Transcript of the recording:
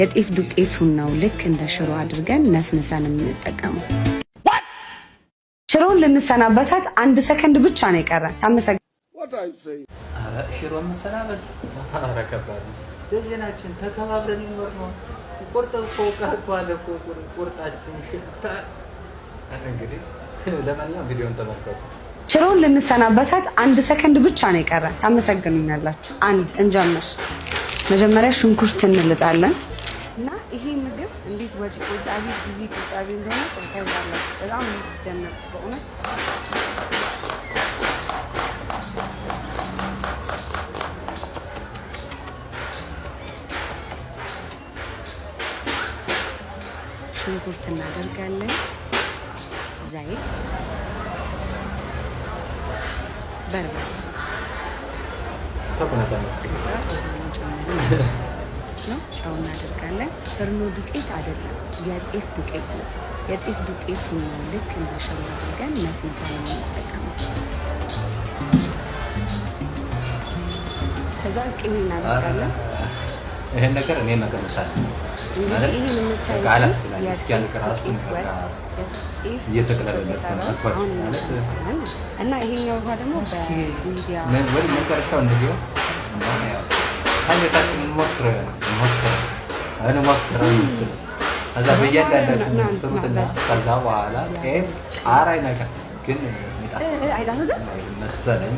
የጤፍ ዱቄቱን ነው ልክ እንደ ሽሮ አድርገን ነስንሰን የምንጠቀመው። ሽሮን ልንሰናበታት አንድ ሰከንድ ብቻ ነው የቀረ። ታመሰግ ሽሮ መሰናበት ከባድ ነው። ደጀናችን ተከባብረን ይኖር ነው። ቁርጥ እኮ ቀርቷል እኮ ቁርጣችን። እንግዲህ ለማንኛውም ቪዲዮን ተመልከቱ። ሽሮን ልንሰናበታት አንድ ሰከንድ ብቻ ነው የቀረ። ታመሰግኑኛላችሁ። አንድ እንጀምር። መጀመሪያ ሽንኩርት እንልጣለን። እና ይሄ ምግብ እንዴት ወጪ ቆጣቢ ጊዜ ቆጣቢ እንደሆነ ቆጣቢ በጣም የምትደነቁ በእውነት ሽንኩርት እናደርጋለን። ዘይት፣ በርበሬ ነው። ጨው እናደርጋለን። ፍርኖ ዱቄት አይደለም፣ የጤፍ ዱቄት ነው። የጤፍ ዱቄት ልክ እንደ ሽሮ አድርገን መስመሳ ነው የምንጠቀመው። ከዛ ቅቤ እናደርጋለን። ይህን ነገር እኔ መቀመሳል እና ይሄኛው ውሃ ደግሞ እንሞክረው የምትሉ ከዛ በእያንዳንዳችሁ የምትሰሩትና ከዛ በኋላ ጤፍ ጣር አይነካም ግን መሰለኝ